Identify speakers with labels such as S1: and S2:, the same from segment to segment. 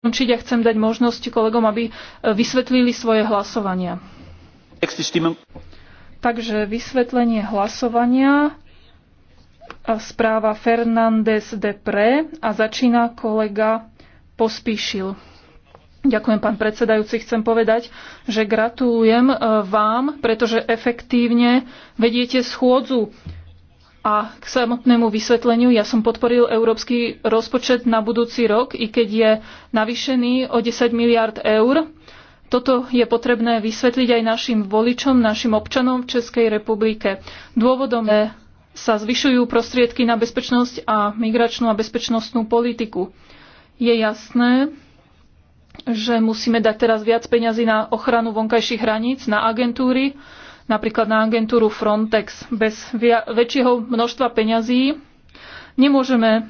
S1: skončiť a chcem dať možnosť kolegom, aby e, vysvetlili svoje hlasovania. Takže vysvetlenie hlasovania správa Fernández de Pre a začína kolega Pospíšil. Ďakujem, pán predsedajúci. Chcem povedať, že gratulujem e, vám, pretože efektívne vediete schôdzu. A k samotnému vysvetleniu, ja som podporil európsky rozpočet na budúci rok, i keď je navýšený o 10 miliard eur. Toto je potrebné vysvetliť aj našim voličom, našim občanom v Českej republike. Dôvodom je, sa zvyšujú prostriedky na bezpečnosť a migračnú a bezpečnostnú politiku. Je jasné, že musíme dať teraz viac peňazí na ochranu vonkajších hraníc, na agentúry, napríklad na agentúru Frontex. Bez väčšieho množstva peňazí nemôžeme e,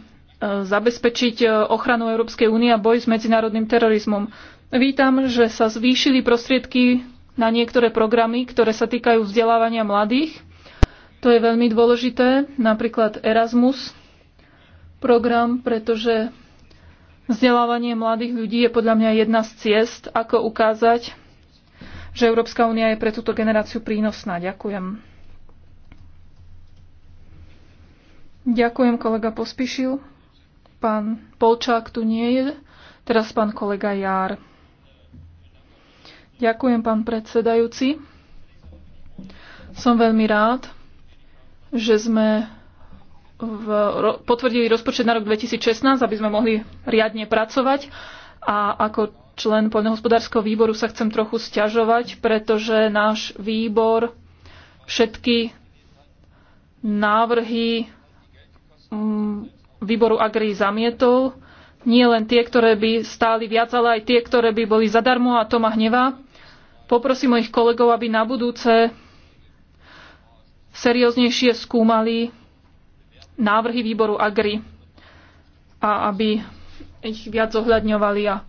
S1: zabezpečiť e, ochranu Európskej únie a boj s medzinárodným terorizmom. Vítam, že sa zvýšili prostriedky na niektoré programy, ktoré sa týkajú vzdelávania mladých. To je veľmi dôležité, napríklad Erasmus program, pretože vzdelávanie mladých ľudí je podľa mňa jedna z ciest, ako ukázať že Európska únia je pre túto generáciu prínosná. Ďakujem. Ďakujem, kolega Pospišil. Pán Polčák tu nie je. Teraz pán kolega Jár. Ďakujem, pán predsedajúci. Som veľmi rád, že sme v, potvrdili rozpočet na rok 2016, aby sme mohli riadne pracovať. A ako člen poľnohospodárskeho výboru, sa chcem trochu sťažovať, pretože náš výbor všetky návrhy mm, výboru Agri zamietol. Nie len tie, ktoré by stáli viac, ale aj tie, ktoré by boli zadarmo a to ma hnevá. Poprosím mojich kolegov, aby na budúce serióznejšie skúmali návrhy výboru Agri a aby ich viac zohľadňovali a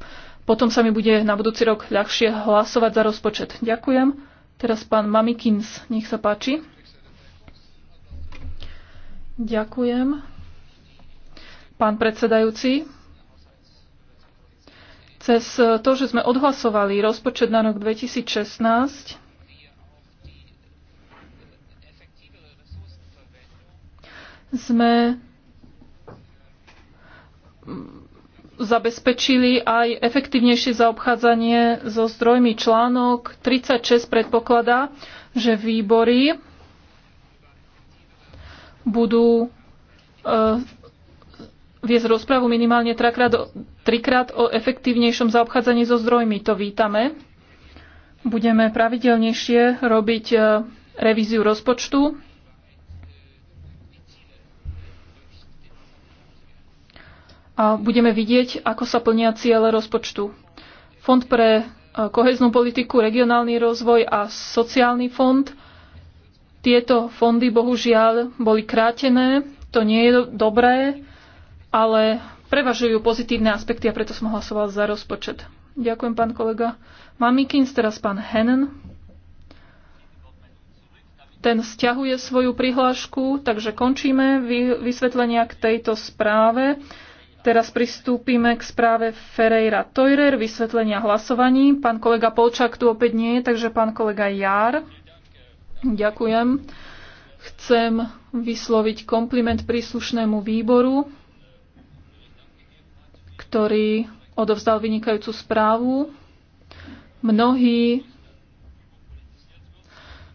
S1: potom sa mi bude na budúci rok ľahšie hlasovať za rozpočet. Ďakujem. Teraz pán Mamikins, nech sa páči. Ďakujem. Pán predsedajúci, cez to, že sme odhlasovali rozpočet na rok 2016, sme zabezpečili aj efektívnejšie zaobchádzanie so zdrojmi. Článok 36 predpokladá, že výbory budú e, viesť rozpravu minimálne trakrát, trikrát o efektívnejšom zaobchádzaní so zdrojmi. To vítame. Budeme pravidelnejšie robiť e, revíziu rozpočtu a budeme vidieť, ako sa plnia ciele rozpočtu. Fond pre e, koheznú politiku, regionálny rozvoj a sociálny fond. Tieto fondy bohužiaľ boli krátené, to nie je dobré, ale prevažujú pozitívne aspekty a preto som hlasoval za rozpočet. Ďakujem, pán kolega. Mamikins, teraz pán Henen. Ten stiahuje svoju prihlášku, takže končíme vysvetlenia k tejto správe. Teraz pristúpime k správe Ferreira Teurer, vysvetlenia hlasovaní. Pán kolega Polčák tu opäť nie je, takže pán kolega Jár. Ďakujem. Chcem vysloviť kompliment príslušnému výboru, ktorý odovzdal vynikajúcu správu. Mnohí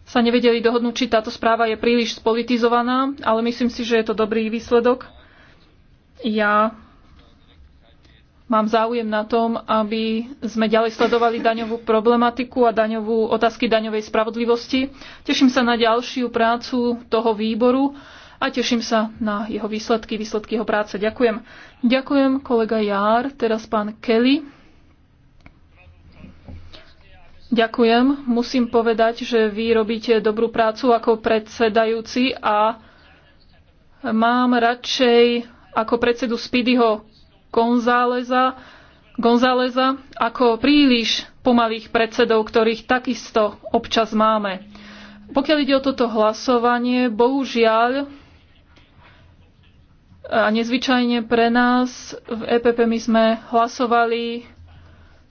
S1: sa nevedeli dohodnúť, či táto správa je príliš spolitizovaná, ale myslím si, že je to dobrý výsledok. Ja Mám záujem na tom, aby sme ďalej sledovali daňovú problematiku a daňovú, otázky daňovej spravodlivosti. Teším sa na ďalšiu prácu toho výboru a teším sa na jeho výsledky, výsledky jeho práce. Ďakujem. Ďakujem kolega Jár, teraz pán Kelly. Ďakujem. Musím povedať, že vy robíte dobrú prácu ako predsedajúci a mám radšej ako predsedu Spidyho Gonzáleza, Gonzáleza ako príliš pomalých predsedov, ktorých takisto občas máme. Pokiaľ ide o toto hlasovanie, bohužiaľ a nezvyčajne pre nás v EPP my sme hlasovali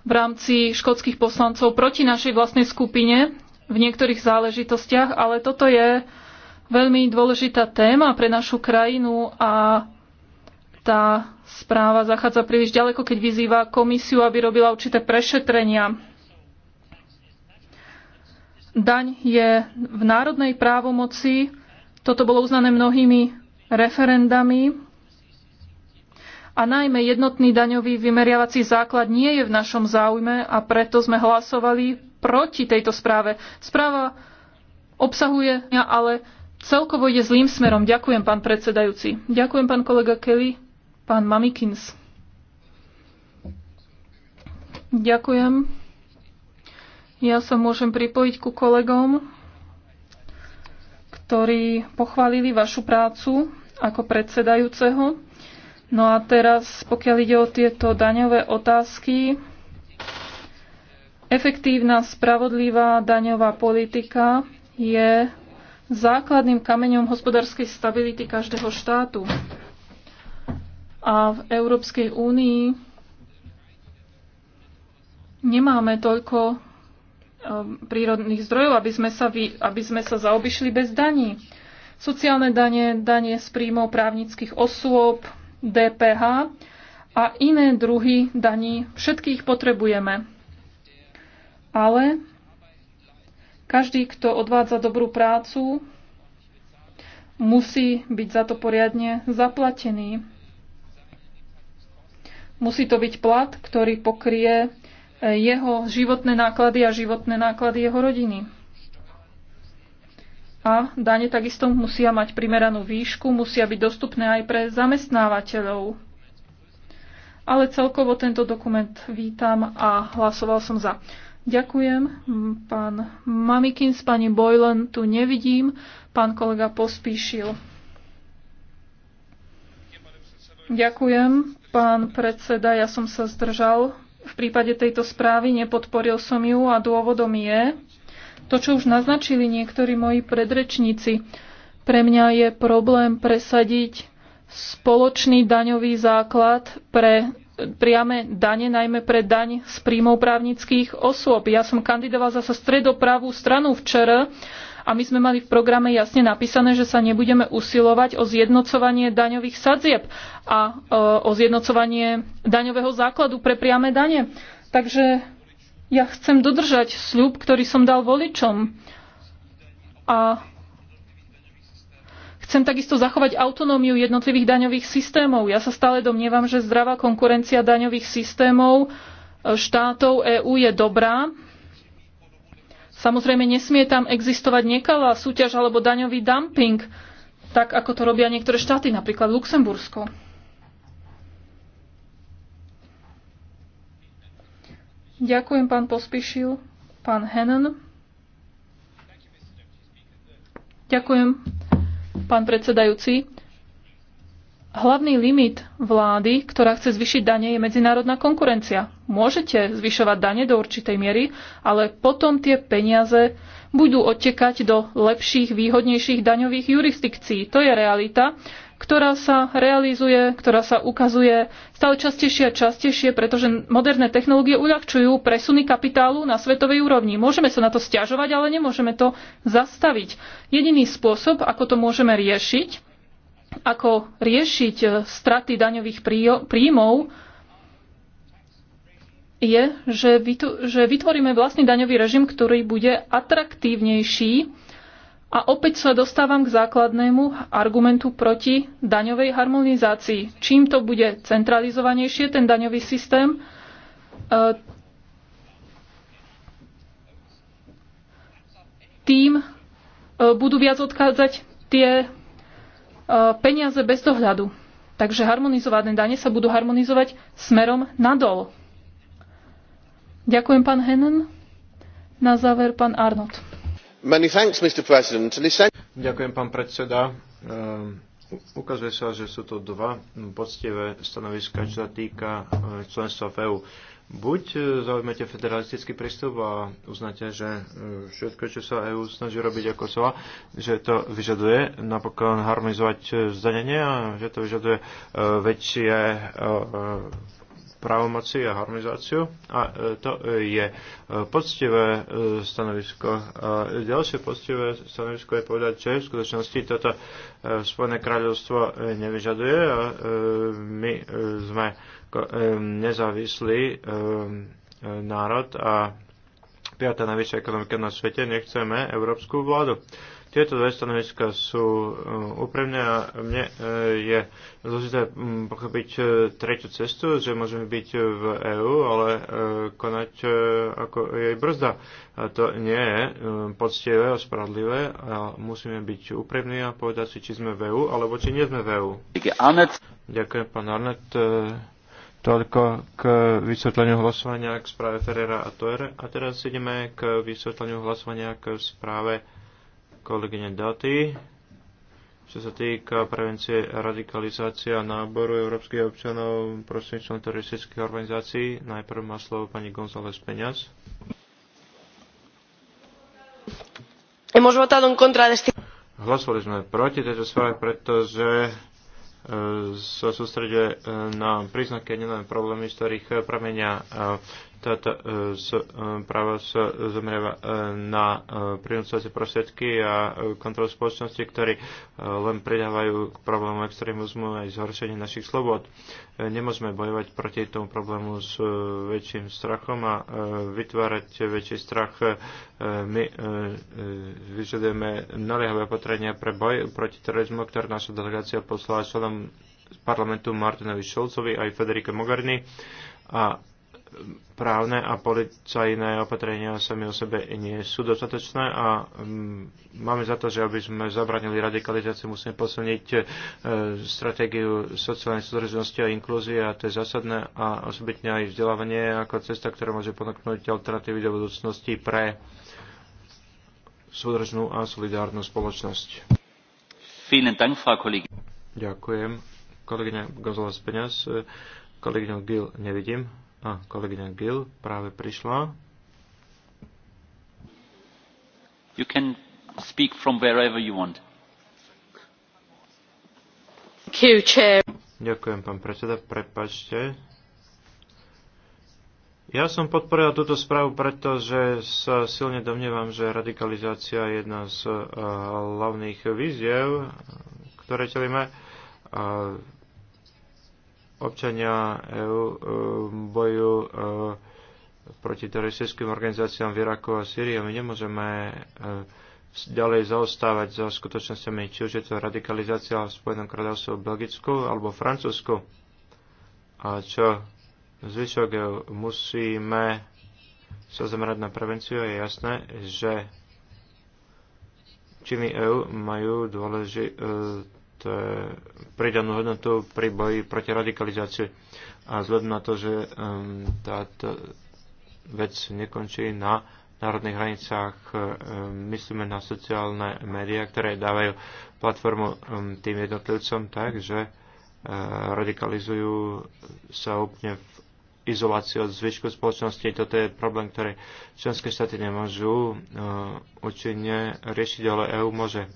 S1: v rámci škótskych poslancov proti našej vlastnej skupine v niektorých záležitostiach, ale toto je veľmi dôležitá téma pre našu krajinu a tá správa zachádza príliš ďaleko, keď vyzýva komisiu, aby robila určité prešetrenia. Daň je v národnej právomoci. Toto bolo uznané mnohými referendami. A najmä jednotný daňový vymeriavací základ nie je v našom záujme a preto sme hlasovali proti tejto správe. Správa obsahuje, ale celkovo ide zlým smerom. Ďakujem, pán predsedajúci. Ďakujem, pán kolega Kelly. Pán Mamikins. Ďakujem. Ja sa môžem pripojiť ku kolegom, ktorí pochválili vašu prácu ako predsedajúceho. No a teraz, pokiaľ ide o tieto daňové otázky, efektívna, spravodlivá daňová politika je základným kameňom hospodárskej stability každého štátu. A v Európskej únii nemáme toľko um, prírodných zdrojov, aby sme sa, vy, aby sme sa zaobišli bez daní. Sociálne dane, danie z príjmov právnických osôb, DPH a iné druhy daní všetkých potrebujeme. Ale každý, kto odvádza dobrú prácu, musí byť za to poriadne zaplatený. Musí to byť plat, ktorý pokrie e, jeho životné náklady a životné náklady jeho rodiny. A dane takisto musia mať primeranú výšku, musia byť dostupné aj pre zamestnávateľov. Ale celkovo tento dokument vítam a hlasoval som za. Ďakujem. Pán Mamikin s pani Boylen tu nevidím. Pán kolega pospíšil. Ďakujem, Pán predseda, ja som sa zdržal v prípade tejto správy, nepodporil som ju a dôvodom je to, čo už naznačili niektorí moji predrečníci. Pre mňa je problém presadiť spoločný daňový základ pre priame dane, najmä pre daň z príjmov právnických osôb. Ja som kandidoval zase stredopravú stranu včera a my sme mali v programe jasne napísané, že sa nebudeme usilovať o zjednocovanie daňových sadzieb a e, o zjednocovanie daňového základu pre priame dane. Takže ja chcem dodržať sľub, ktorý som dal voličom. A Chcem takisto zachovať autonómiu jednotlivých daňových systémov. Ja sa stále domnievam, že zdravá konkurencia daňových systémov e, štátov EÚ je dobrá Samozrejme, nesmie tam existovať nekalá súťaž alebo daňový dumping, tak ako to robia niektoré štáty, napríklad Luxembursko. Ďakujem, pán Pospišil. Pán Hennen. Ďakujem, pán predsedajúci. Hlavný limit vlády, ktorá chce zvyšiť dane, je medzinárodná konkurencia. Môžete zvyšovať dane do určitej miery, ale potom tie peniaze budú odtekať do lepších, výhodnejších daňových jurisdikcií. To je realita, ktorá sa realizuje, ktorá sa ukazuje stále častejšie a častejšie, pretože moderné technológie uľahčujú presuny kapitálu na svetovej úrovni. Môžeme sa na to stiažovať, ale nemôžeme to zastaviť. Jediný spôsob, ako to môžeme riešiť, ako riešiť e, straty daňových príjmov, je, že vytvoríme vlastný daňový režim, ktorý bude atraktívnejší. A opäť sa dostávam k základnému argumentu proti daňovej harmonizácii. Čím to bude centralizovanejšie, ten daňový systém, e, tým e, budú viac odkádzať tie E, peniaze bez dohľadu. Takže harmonizované dane sa budú harmonizovať smerom nadol. Ďakujem, pán Hennen. Na záver, pán Arnott.
S2: Ďakujem, pán predseda. Ehm, ukazuje sa, že sú to dva poctivé stanoviska, čo sa týka e, členstva v EU. Buď e, zaujmete federalistický prístup a uznáte, že e, všetko, čo sa EU snaží robiť ako sa, že to vyžaduje napokon harmonizovať e, zdanenie a že to vyžaduje väčšie právomoci a harmonizáciu. A to je poctivé stanovisko. A ďalšie poctivé stanovisko je povedať, že v skutočnosti toto Spojené kráľovstvo nevyžaduje a my sme nezávislý národ a piatá najvyššia ekonomika na svete, nechceme európsku vládu. Tieto dve stanoviska sú úprimné a mne e, je zložité pochopiť e, tretiu cestu, že môžeme byť v EÚ, ale e, konať ako jej brzda. A to nie je poctivé a spravodlivé a musíme byť úprimní a povedať si, či sme v EÚ alebo či nie sme v EÚ. Ďakujem, pán Arnett. Toľko k vysvetleniu hlasovania k správe Ferrera a Toer. A teraz ideme k vysvetleniu hlasovania k správe kolegyne Daty, čo sa týka prevencie radikalizácie a náboru európskych občanov prostredníctvom teroristických organizácií. Najprv má slovo pani González Peňaz. Hlasovali sme proti tejto správe, pretože sa sústreďuje e, na príznaky a nielen problémy, z ktorých e, pramenia e, táto e, e, práva sa zameriava e, na prinúcovacie prosvedky a kontrolu spoločnosti, ktorí len pridávajú k problému extrémizmu aj zhoršenie našich slobod. Nemôžeme bojovať proti tomu problému s väčším strachom a vytvárať väčší strach. My vyžadujeme naliehavé potrenia pre boj proti terorizmu, ktoré naša delegácia poslala členom parlamentu Martinovi Šolcovi aj Federike Mogherini a právne a policajné opatrenia sami o sebe nie sú dostatočné a mm, máme za to, že aby sme zabranili radikalizáciu, musíme posilniť e, stratégiu sociálnej súdržnosti a inklúzie a to je zásadné a osobitne aj vzdelávanie ako cesta, ktorá môže ponúknuť alternatívy do budúcnosti pre súdržnú a solidárnu spoločnosť. Ďakujem. Kolegyňa González Peňaz, kolegyňu Gil nevidím. A kolegyňa Gil práve prišla. You can speak from wherever you want. Thank You, chair. Ďakujem, pán predseda. Prepačte. Ja som podporil túto správu, pretože sa silne domnievam, že radikalizácia je jedna z eh, hlavných víziev, ktoré čelíme. Uh, občania EÚ e bojujú e, proti teroristickým organizáciám v Iraku a Syrii my nemôžeme e, ďalej zaostávať za skutočnosťami, či už je to radikalizácia v Spojenom kráľovstve v Belgicku alebo Francúzsku. A čo zvyšok EU, musíme sa zamerať na prevenciu. Je jasné, že činy EU majú dôležitú E, pridanú hodnotu pri boji proti radikalizácii. A vzhľadom na to, že táto vec nekončí na národných hranicách, e, myslíme na sociálne médiá, ktoré dávajú platformu tým jednotlivcom tak, že e, radikalizujú sa úplne v izolácii od zvyšku spoločnosti. Toto je problém, ktorý členské štáty nemôžu účinne riešiť, ale EÚ môže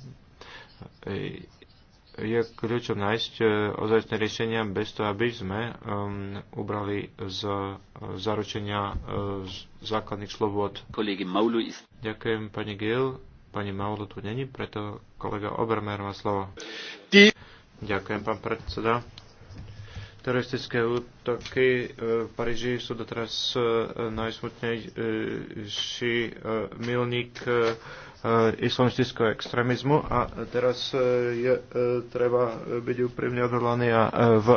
S2: je kľúčom nájsť e, ozajstné riešenia bez toho, aby sme um, ubrali z zaručenia e, z základných slobod. Ďakujem pani Gil. Pani Maulu tu není, preto kolega Obermer má slovo. Ty... Ďakujem, pán predseda. Teroristické útoky e, v Paríži sú doteraz najsmutnejší milník Eh, islamistického extrémizmu a teraz eh, je eh, treba byť úprimne odhodlaný a v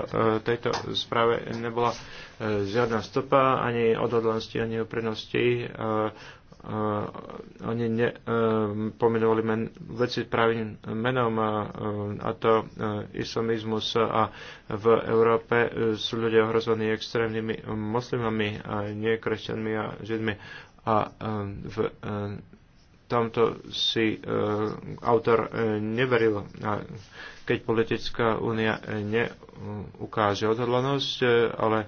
S2: tejto správe nebola žiadna stopa ani odhodlanosti, ani úprimnosti uh, oni ne, uh, pomenovali men, veci pravým menom a, a to uh, islamizmus a v Európe uh, sú ľudia ohrozovaní extrémnymi moslimami, a nie kresťanmi a židmi a uh, v tamto si e, autor e, neveril. A Keď politická únia e, neukáže odhodlanosť, e, ale e,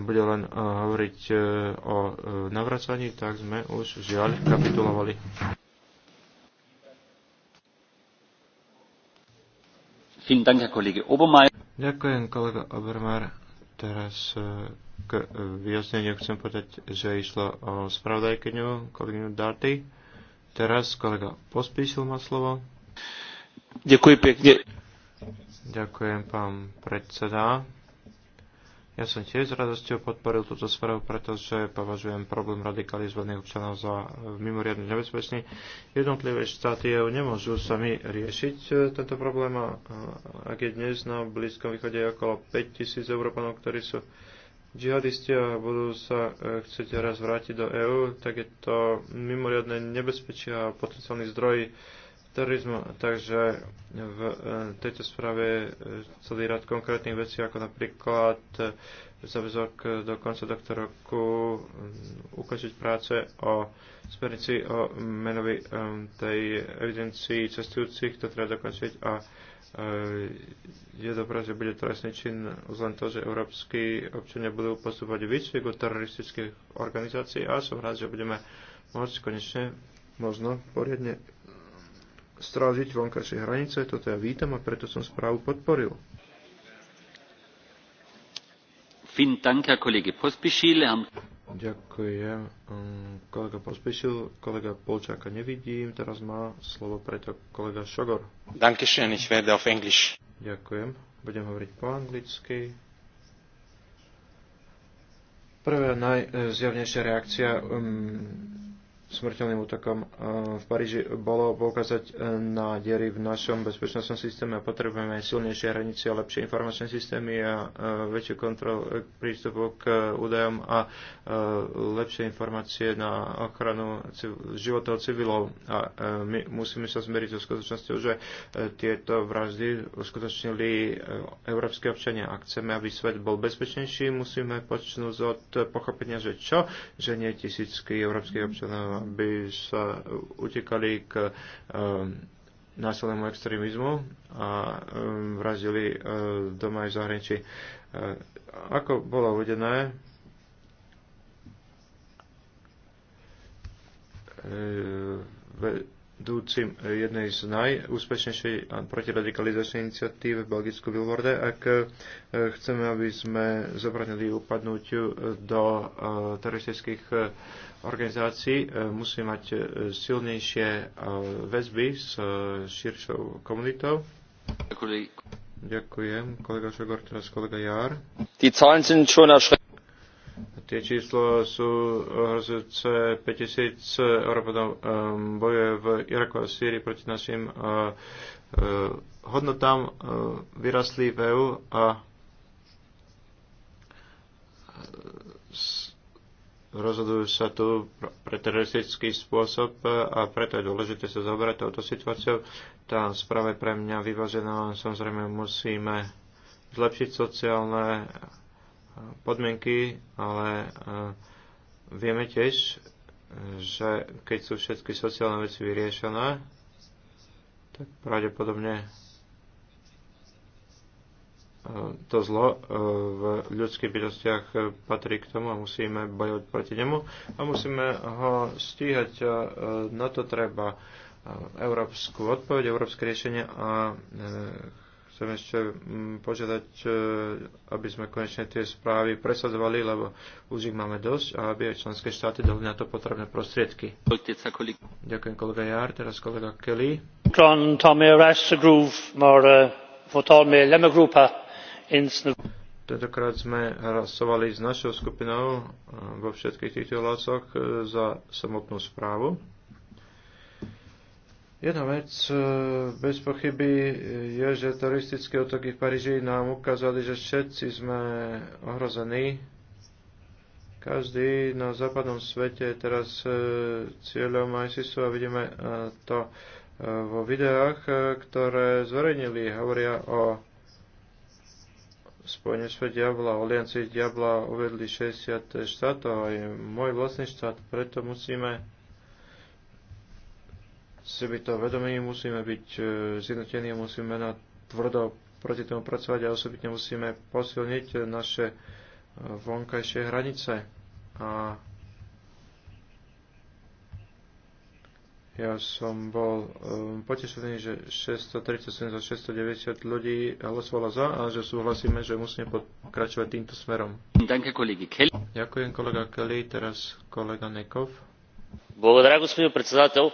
S2: bude len e, hovoriť e, o e, navracaní, tak sme už žiaľ kapitulovali. Ďakujem, kolega Obermar. Teraz e, k e, vyjasneniu chcem povedať, že išlo o spravodajkyňu, kolegyňu Darty Teraz kolega pospíšil ma slovo. Ďakujem pekne. Ďakujem, pán predseda. Ja som tiež s radosťou podporil túto sferu, pretože považujem problém radikalizovaných občanov za e, mimoriadne nebezpečný. Jednotlivé štáty EU nemôžu sami riešiť e, tento problém a ak je dnes na Blízkom východe okolo 5000 Európanov, ktorí sú džihadisti a budú sa e, chcieť raz vrátiť do EÚ, tak je to mimoriadne nebezpečie a potenciálny zdroj terorizmu. Takže v e, tejto správe e, celý rad konkrétnych vecí, ako napríklad záväzok do konca tohto roku ukončiť práce o smernici o menovi tej evidencii cestujúcich, to treba dokončiť a E, je dobré, že bude trestný čin už len to, že európsky občania budú postupovať výcvik od teroristických organizácií a som rád, že budeme môcť konečne možno poriadne strážiť vonkajšie hranice. Toto ja vítam a preto som správu podporil.
S3: Vielen Dank, Herr Kollege Pospischil.
S2: Ďakujem. Um, kolega pospešil, kolega Polčáka nevidím, teraz má slovo preto kolega Šogor. Dankeschön, ich werde auf Englisch. Ďakujem, budem hovoriť po anglicky. Prvá najzjavnejšia reakcia um, smrteľným útokom e, v Paríži bolo poukázať e, na diery v našom bezpečnostnom systéme a potrebujeme silnejšie hranice a lepšie informačné systémy a e, väčšiu kontrolu prístupu k údajom a lepšie informácie na ochranu životov civilov. A my musíme sa zmeriť so skutočnosťou, že tieto vraždy uskutočnili európske občania. Ak chceme, aby svet bol bezpečnejší, musíme počnúť od pochopenia, že čo, že nie tisícky európskych občanov by sa utekali k eh, násilnému extrémizmu a eh, vrazili eh, doma aj v zahraničí. Ako bolo uvedené, e, vedúcim jednej z najúspešnejšej protiradikalizačnej iniciatívy v Belgicku Vilvorde, ak e, chceme, aby sme zabranili upadnutiu do e, teroristických e, organizácií, musí mať silnejšie väzby s širšou komunitou. Ďakujem. Kolega Šogor, teraz kolega Jár. Die Zahlen sind schon erschreckend. Tie číslo sú hrozujúce 5000 Európanov ehm, bojuje v Iraku a Sýrii proti našim eh, eh, hodnotám eh, vyrastli v EU a rozhodujú sa tu pre teroristický spôsob a preto je dôležité sa zaoberať touto situáciou. Tá správa je pre mňa vyvážená, len samozrejme musíme zlepšiť sociálne podmienky, ale e, vieme tiež, že keď sú všetky sociálne veci vyriešené, tak pravdepodobne e, to zlo e, v ľudských bytostiach patrí k tomu a musíme bojovať proti nemu a musíme ho stíhať. A na to treba európsku odpoveď, európske riešenie a chcem ešte mm, požiadať, e, aby sme konečne tie správy presadzovali, lebo už ich máme dosť a aby aj členské štáty dali na to potrebné prostriedky. Ďakujem kolega Jar, teraz kolega Kelly. Tentokrát sme hlasovali s našou skupinou e, vo všetkých týchto hlasoch e, za samotnú správu. Jedna vec e, bez pochyby je, že teroristické útoky v Paríži nám ukázali, že všetci sme ohrození. Každý na západnom svete je teraz e, cieľom ISISu a vidíme e, to vo videách, ktoré zverejnili. Hovoria o spojení svet diabla, o aliancii diabla uvedli 60 štátov, aj môj vlastný štát, preto musíme si byť to vedomí, musíme byť e, zjednotení a musíme na tvrdo proti tomu pracovať a osobitne musíme posilniť naše e, vonkajšie hranice. A ja som bol um, potešený, že 637 za 690 ľudí hlasovalo za a že súhlasíme, že musíme pokračovať týmto smerom. Ďakujem kolega Kelly, teraz kolega Nekov.
S1: Благодаря, господин председател.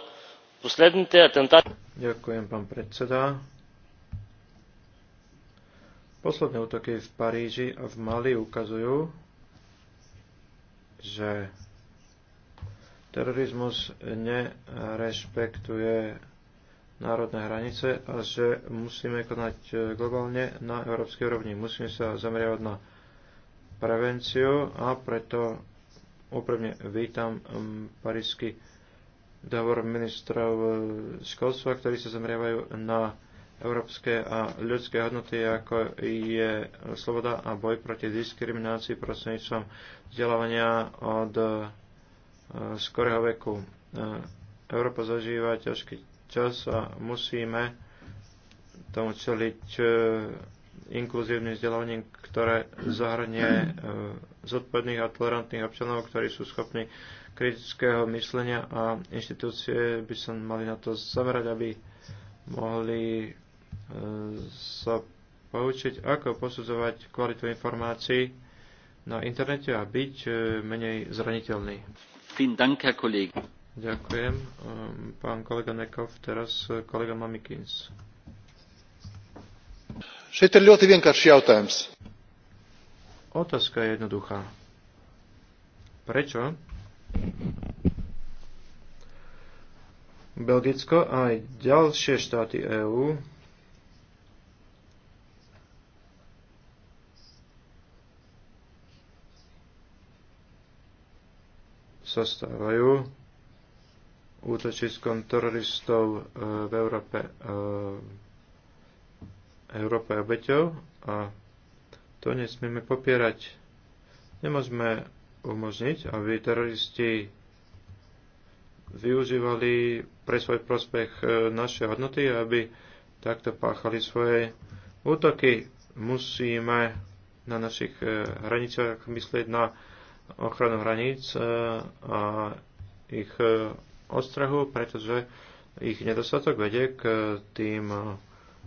S2: Ďakujem, pán predseda. Posledné útoky v Paríži a v Mali ukazujú, že terorizmus nerešpektuje národné hranice a že musíme konať eh, globálne na európskej úrovni. Musíme sa zameriavať na prevenciu a preto úprimne vítam mm, parížsky dvor ministrov e, školstva, ktorí sa zameriavajú na európske a ľudské hodnoty, ako je sloboda a boj proti diskriminácii prostredníctvom vzdelávania od e, skorého veku. E, Európa zažíva ťažký čas a musíme tomu čeliť inkluzívnym vzdelávaním, ktoré zahrnie zodpovedných a tolerantných občanov, ktorí sú schopní kritického myslenia a inštitúcie by sa mali na to zamerať, aby mohli e, sa poučiť, ako posudzovať kvalitu informácií na internete a byť e, menej zraniteľný. Ďakujem. E, pán kolega Nekov, teraz kolega Mamikins. Otázka je jednoduchá. Prečo Belgicko a aj ďalšie štáty EÚ sa stávajú útočiskom teroristov e, v Európe, e, Európe obeťov a to nesmieme popierať. Nemôžeme umožniť, aby teroristi využívali pre svoj prospech e, naše hodnoty, aby takto páchali svoje útoky. Musíme na našich e, hraniciach myslieť na ochranu hraníc e, a ich ostrahu, pretože ich nedostatok vedie k tým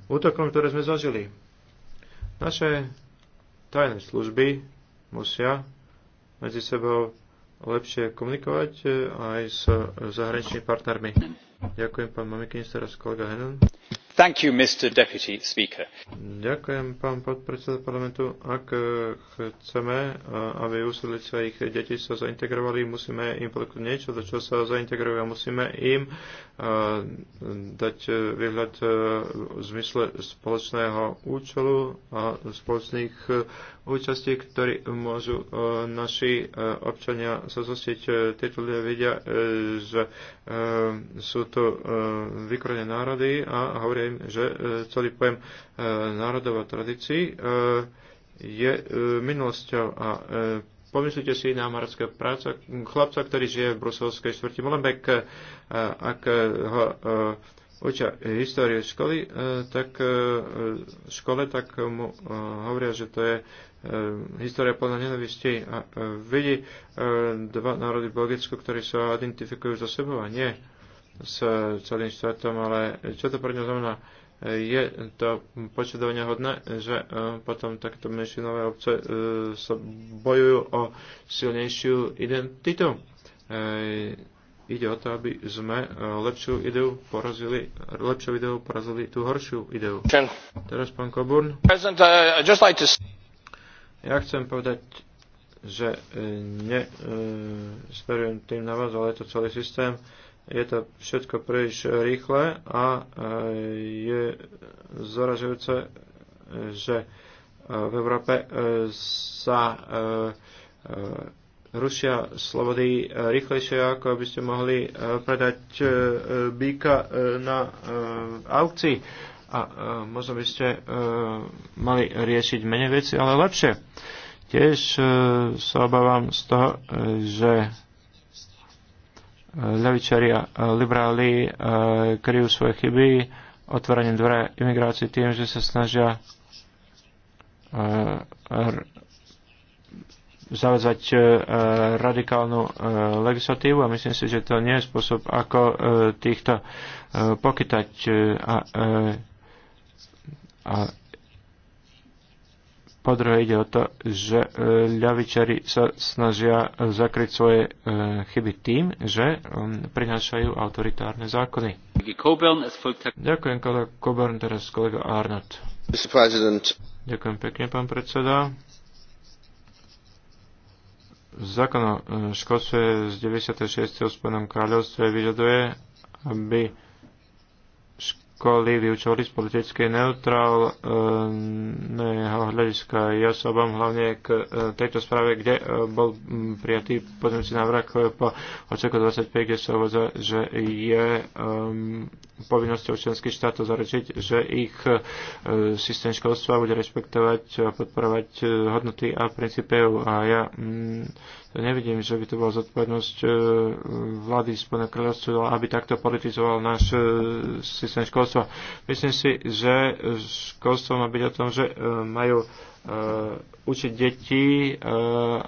S2: útokom, ktoré sme zažili. Naše tajné služby musia medzi sebou lepšie komunikovať eh, aj s eh, zahraničnými partnermi. Ďakujem pán Mamikins, a kolega Henan. Ďakujem, pán podpredseda parlamentu. Ak eh, chceme, eh, aby úsilie svojich detí sa zaintegrovali, musíme im ponúknuť niečo, do čo sa zaintegrujú a musíme im eh, dať výhľad v zmysle spoločného účelu a spoločných účastí, ktorí môžu naši občania sa zostiť. Tieto ľudia vidia, že sú to vykorené národy a hovoria hovorím, že e, celý pojem e, národov a tradícií e, je minulosťou a Pomyslite si na marocké práca, chlapca, ktorý žije v bruselskej štvrti Molenbeek, ak ho učia históriu školy, tak v škole tak mu hovoria, že to je história plná nenavistí a vidí dva národy v Belgicku, ktorí sa identifikujú za sebou a nie s celým svetom, ale čo to pre ňa znamená? Je to počudovania hodné, že e, potom takto menšinové obce e, sa bojujú o silnejšiu identitu. E, ide o to, aby sme lepšiu ideu porazili, lepšiu ideu porazili tú horšiu ideu. Teraz pán Coburn. Uh, ja chcem povedať že ne, e, tým na vás, ale je to celý systém je to všetko príliš rýchle a e, je zaražujúce, e, že e, v Európe sa rušia slobody rýchlejšie, ako by ste mohli predať býka na aukcii. A možno by ste mali riešiť menej veci, ale lepšie. Tiež sa obávam z toho, že ľavičari a liberáli e, kryjú svoje chyby otvorením dvere imigrácie tým, že sa snažia e, zavazať e, radikálnu legislatívu a myslím si, že to nie je spôsob, ako týchto pokytať a, a po druhé ide o to, že e, ľavičari sa snažia e, zakryť svoje e, chyby tým, že um, prinášajú autoritárne zákony. Ďakujem, kolega Coburn, teraz kolega Arnott. Ďakujem pekne, pán predseda. Zákon o školstve z 96. v Spojenom kráľovstve vyžaduje, aby školy vyučovali z politicky neutrálneho hľadiska. Ja sa obám hlavne k e, tejto správe, kde e, bol prijatý pozemci návrh po odseku 25, kde sa uvádza, že je um, povinnosťou členských štátov zaručiť, že ich e, systém školstva bude rešpektovať a podporovať hodnoty a princípy. A ja um, nevidím, že by to bola zodpovednosť e, vlády Spojeného kráľovstva, aby takto politizoval náš e, systém školstva. Myslím si, že školstvo má byť o tom, že e, majú učiť deti,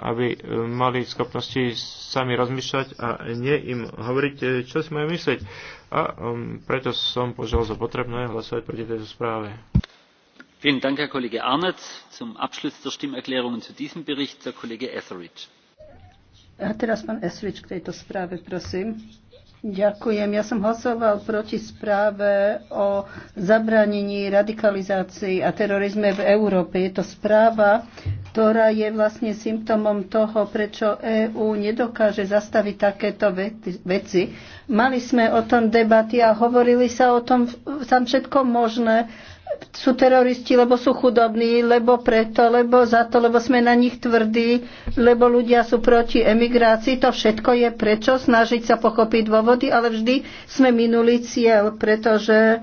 S2: aby mali schopnosti sami rozmýšľať a nie im hovoriť, čo si majú myslieť. A um, preto som požiaľ za potrebné hlasovať proti tejto správe.
S3: Vielen Dank, Herr Kollege Arnett. Zum Abschluss der Stimmerklärungen zu diesem Bericht der Kollege Etheridge
S2: a teraz pán
S3: Esvič k tejto správe, prosím. Ďakujem. Ja som hlasoval proti správe o zabranení radikalizácii a terorizme v Európe. Je to správa, ktorá je vlastne symptómom toho, prečo EÚ nedokáže zastaviť takéto veci. Mali sme o tom debaty a hovorili sa o tom tam všetko možné, sú teroristi, lebo sú chudobní, lebo preto, lebo za to, lebo sme na nich tvrdí, lebo ľudia sú proti emigrácii. To všetko je prečo snažiť sa pochopiť dôvody, ale vždy sme minuli cieľ, pretože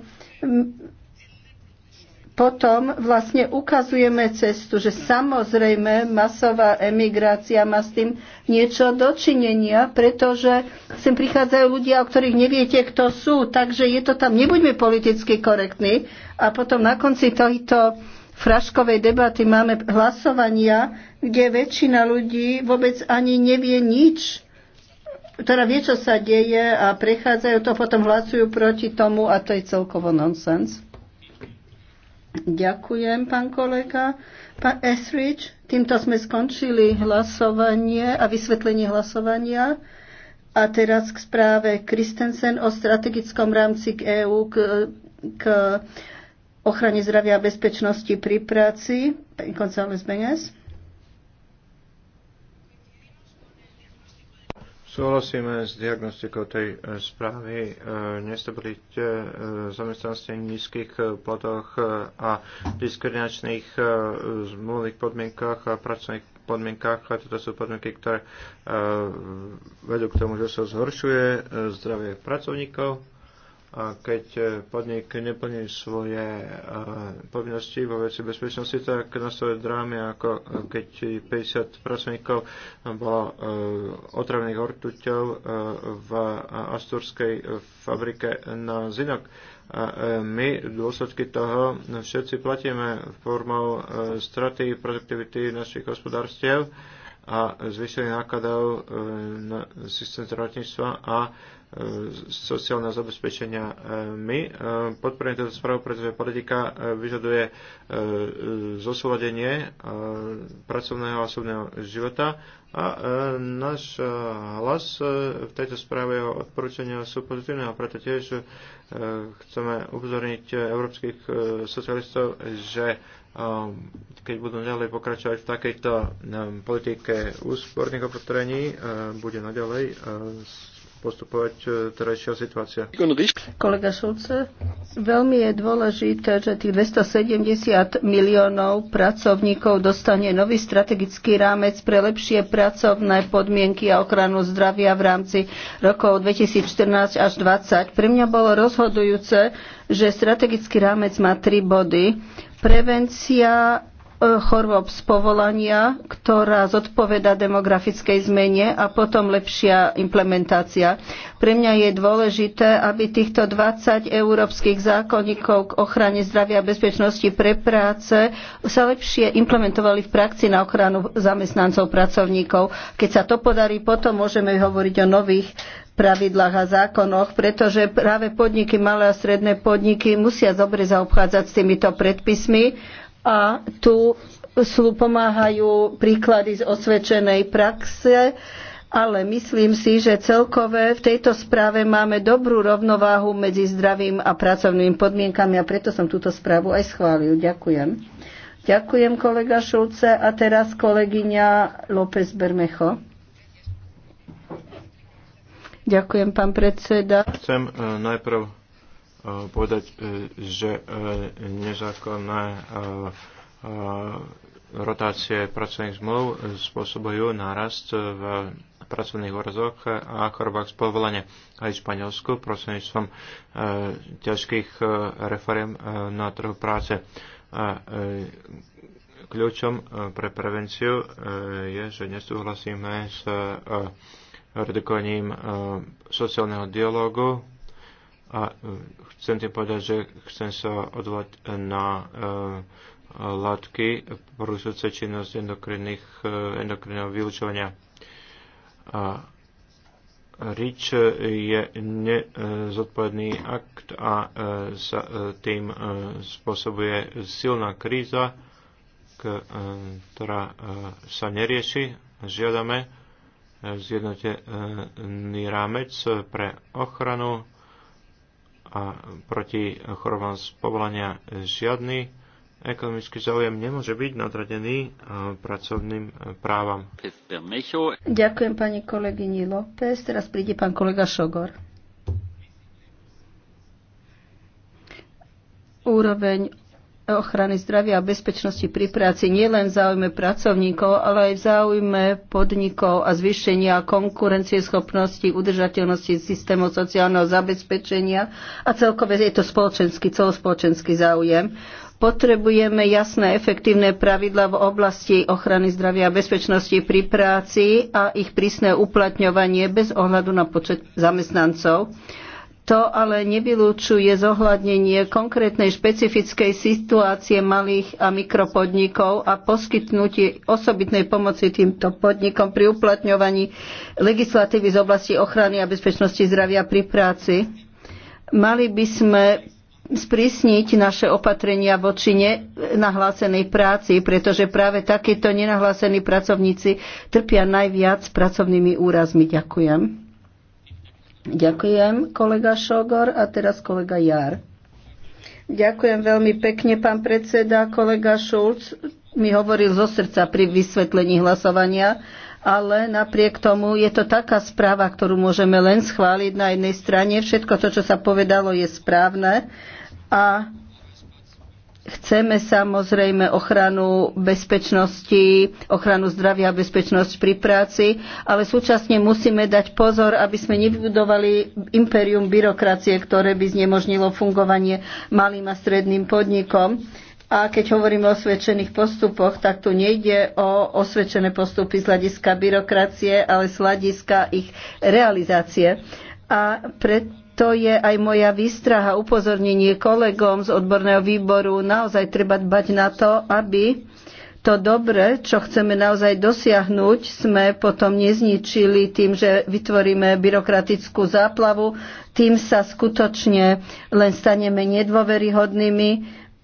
S3: potom vlastne ukazujeme cestu, že samozrejme masová emigrácia má s tým niečo dočinenia, pretože sem prichádzajú ľudia, o ktorých neviete, kto sú, takže je to tam, nebuďme politicky korektní a potom na konci tohto fraškovej debaty máme hlasovania, kde väčšina ľudí vôbec ani nevie nič, ktorá teda vie, čo sa deje a prechádzajú to, potom hlasujú proti tomu a to je celkovo nonsens. Ďakujem, pán kolega. Pán Etheridge, týmto sme skončili hlasovanie a vysvetlenie hlasovania. A teraz k správe Kristensen o strategickom rámci k EÚ k, k ochrane zdravia a bezpečnosti pri práci. Pán González Benes.
S2: Súhlasíme s diagnostikou tej e, správy. E, nestabilite e, zamestnanosti nízkych platoch a diskriminačných zmluvných podmienkach a pracovných podmienkách. A toto sú podmienky, ktoré vedú k tomu, že sa zhoršuje zdravie pracovníkov a keď e, podnik neplní svoje e, povinnosti vo veci bezpečnosti, tak svoje drámy, ako e, keď 50 pracovníkov bolo otravných hortuťov v asturskej fabrike na Zinok. A my dôsledky toho všetci platíme formou straty produktivity našich hospodárstiev a zvýšenie nákladov na systém zdravotníctva a sociálneho zabezpečenia. E, my e, podporujeme túto správu, pretože politika e, vyžaduje zosúladenie pracovného a osobného života a náš hlas v tejto správe o odporúčania sú pozitívne a preto tiež chceme upozorniť európskych socialistov, že keď budú ďalej pokračovať v takejto politike úsporných opatrení, bude naďalej postupovať e, terajšia situácia.
S3: Kolega Šulce, veľmi je dôležité, že tých 270 miliónov pracovníkov dostane nový strategický rámec pre lepšie pracovné podmienky a ochranu zdravia v rámci rokov 2014 až 2020. Pre mňa bolo rozhodujúce, že strategický rámec má tri body. Prevencia, E, chorôb z povolania, ktorá zodpoveda demografickej zmene a potom lepšia implementácia. Pre mňa je dôležité, aby týchto 20 európskych zákonníkov k ochrane zdravia a bezpečnosti pre práce sa lepšie implementovali v praxi na ochranu zamestnancov, pracovníkov. Keď sa to podarí, potom môžeme hovoriť o nových pravidlách a zákonoch, pretože práve podniky, malé a stredné podniky musia dobre zaobchádzať s týmito predpismi a tu sú, pomáhajú príklady z osvedčenej praxe, ale myslím si, že celkové v tejto správe máme dobrú rovnováhu medzi zdravým a pracovnými podmienkami a preto som túto správu aj schválil. Ďakujem. Ďakujem kolega Šulce a teraz kolegyňa López Bermecho. Ďakujem, pán predseda.
S2: Chcem e, najprv povedať, e, že e, nezákonné e, rotácie pracovných zmluv spôsobujú nárast v pracovných úrazoch a chorobách z povolania aj v Španielsku prostredníctvom ťažkých reforiem na trhu práce. A, kľúčom pre prevenciu je, že nesúhlasíme s redukovaním sociálneho dialogu a e, chcem ti povedať, že chcem sa odvolať na e, látky porušujúce činnosť endokrinných, e, endokrinného vylučovania. A RIČ je nezodpovedný akt a sa tým spôsobuje silná kríza, ktorá sa nerieši. Žiadame zjednotený rámec pre ochranu a proti chorobám z povolania žiadny ekonomický záujem nemôže byť nadradený e, pracovným e, právam.
S3: Ďakujem pani kolegyni López. Teraz príde pán kolega Šogor. Úroveň ochrany zdravia a bezpečnosti pri práci nielen v záujme pracovníkov, ale aj v záujme podnikov a zvýšenia konkurencieschopnosti, udržateľnosti systémov sociálneho zabezpečenia a celkové je to spoločenský, celospoločenský záujem. Potrebujeme jasné, efektívne pravidla v oblasti ochrany zdravia a bezpečnosti pri práci a ich prísne uplatňovanie bez ohľadu na počet zamestnancov. To ale nevylúčuje zohľadnenie konkrétnej špecifickej situácie malých a mikropodnikov a poskytnutie osobitnej pomoci týmto podnikom pri uplatňovaní legislatívy z oblasti ochrany a bezpečnosti zdravia pri práci. Mali by sme sprísniť naše opatrenia voči nenahlásenej práci, pretože práve takíto nenahlásení pracovníci trpia najviac pracovnými úrazmi. Ďakujem. Ďakujem, kolega Šogor a teraz kolega Jar. Ďakujem veľmi pekne, pán predseda. Kolega Šulc mi hovoril zo srdca pri vysvetlení hlasovania, ale napriek tomu je to taká správa, ktorú môžeme len schváliť na jednej strane. Všetko to, čo sa povedalo, je správne a Chceme samozrejme ochranu bezpečnosti, ochranu zdravia a bezpečnosť pri práci, ale súčasne musíme dať pozor, aby sme nevybudovali imperium byrokracie, ktoré by znemožnilo fungovanie malým a stredným podnikom. A keď hovoríme o osvedčených postupoch, tak tu nejde o osvedčené postupy z hľadiska byrokracie, ale z hľadiska ich realizácie. A pre, to je aj moja výstraha, upozornenie kolegom z odborného výboru. Naozaj treba dbať na to, aby to dobre, čo chceme naozaj dosiahnuť, sme potom nezničili tým, že vytvoríme byrokratickú záplavu. Tým sa skutočne len staneme nedôveryhodnými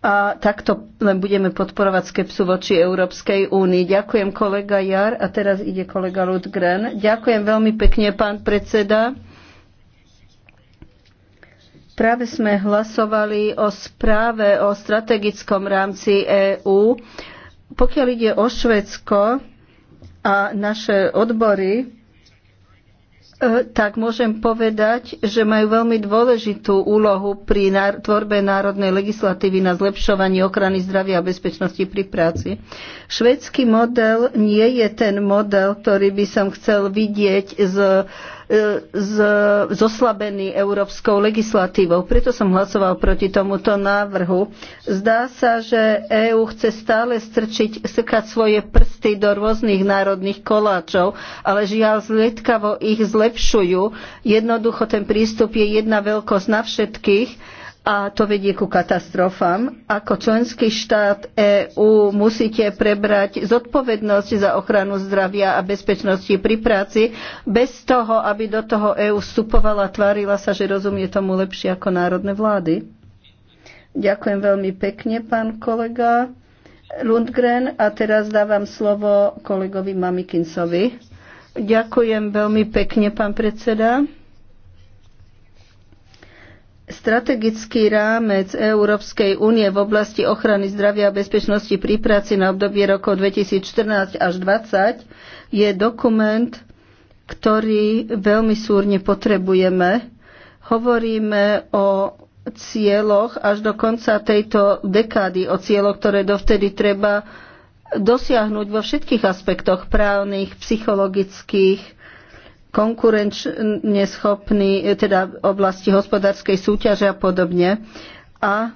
S3: a takto len budeme podporovať skepsu voči Európskej únii. Ďakujem kolega Jar a teraz ide kolega Ludgren. Ďakujem veľmi pekne, pán predseda. Práve sme hlasovali o správe o strategickom rámci EÚ. Pokiaľ ide o Švedsko a naše odbory, e, tak môžem povedať, že majú veľmi dôležitú úlohu pri tvorbe národnej legislatívy na zlepšovanie ochrany zdravia a bezpečnosti pri práci. Švedský model nie je ten model, ktorý by som chcel vidieť z zoslabený európskou legislatívou. Preto som hlasoval proti tomuto návrhu. Zdá sa, že EÚ chce stále strčiť, strkať svoje prsty do rôznych národných koláčov, ale žiaľ zriedkavo ich zlepšujú. Jednoducho ten prístup je jedna veľkosť na všetkých a to vedie ku katastrofám. Ako členský štát EÚ musíte prebrať zodpovednosť za ochranu zdravia a bezpečnosti pri práci bez toho, aby do toho EÚ vstupovala, tvárila sa, že rozumie tomu lepšie ako národné vlády. Ďakujem veľmi pekne, pán kolega Lundgren. A teraz dávam slovo kolegovi Mamikinsovi. Ďakujem veľmi pekne, pán predseda strategický rámec Európskej únie v oblasti ochrany zdravia a bezpečnosti pri práci na obdobie rokov 2014 až 2020 je dokument, ktorý veľmi súrne potrebujeme. Hovoríme o cieľoch až do konca tejto dekády, o cieľoch, ktoré dovtedy treba dosiahnuť vo všetkých aspektoch právnych, psychologických, konkurenčne schopní, e, teda oblasti hospodárskej súťaže a podobne. A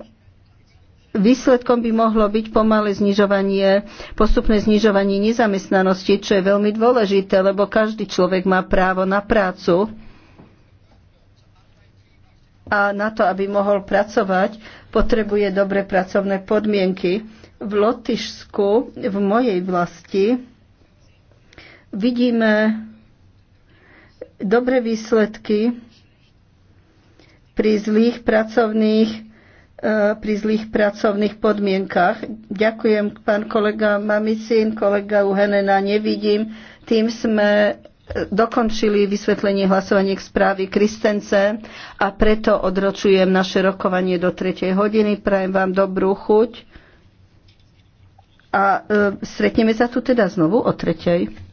S3: výsledkom by mohlo byť pomalé znižovanie, postupné znižovanie nezamestnanosti, čo je veľmi dôležité, lebo každý človek má právo na prácu a na to, aby mohol pracovať, potrebuje dobre pracovné podmienky. V Lotyšsku, v mojej vlasti, vidíme dobré výsledky pri zlých pracovných e, pri zlých pracovných podmienkach. Ďakujem, pán kolega Mamicín, kolega Uhenena nevidím. Tým sme e, dokončili vysvetlenie hlasovanie k správy Kristence a preto odročujem naše rokovanie do 3. hodiny. Prajem vám dobrú chuť a e, stretneme sa tu teda znovu o 3.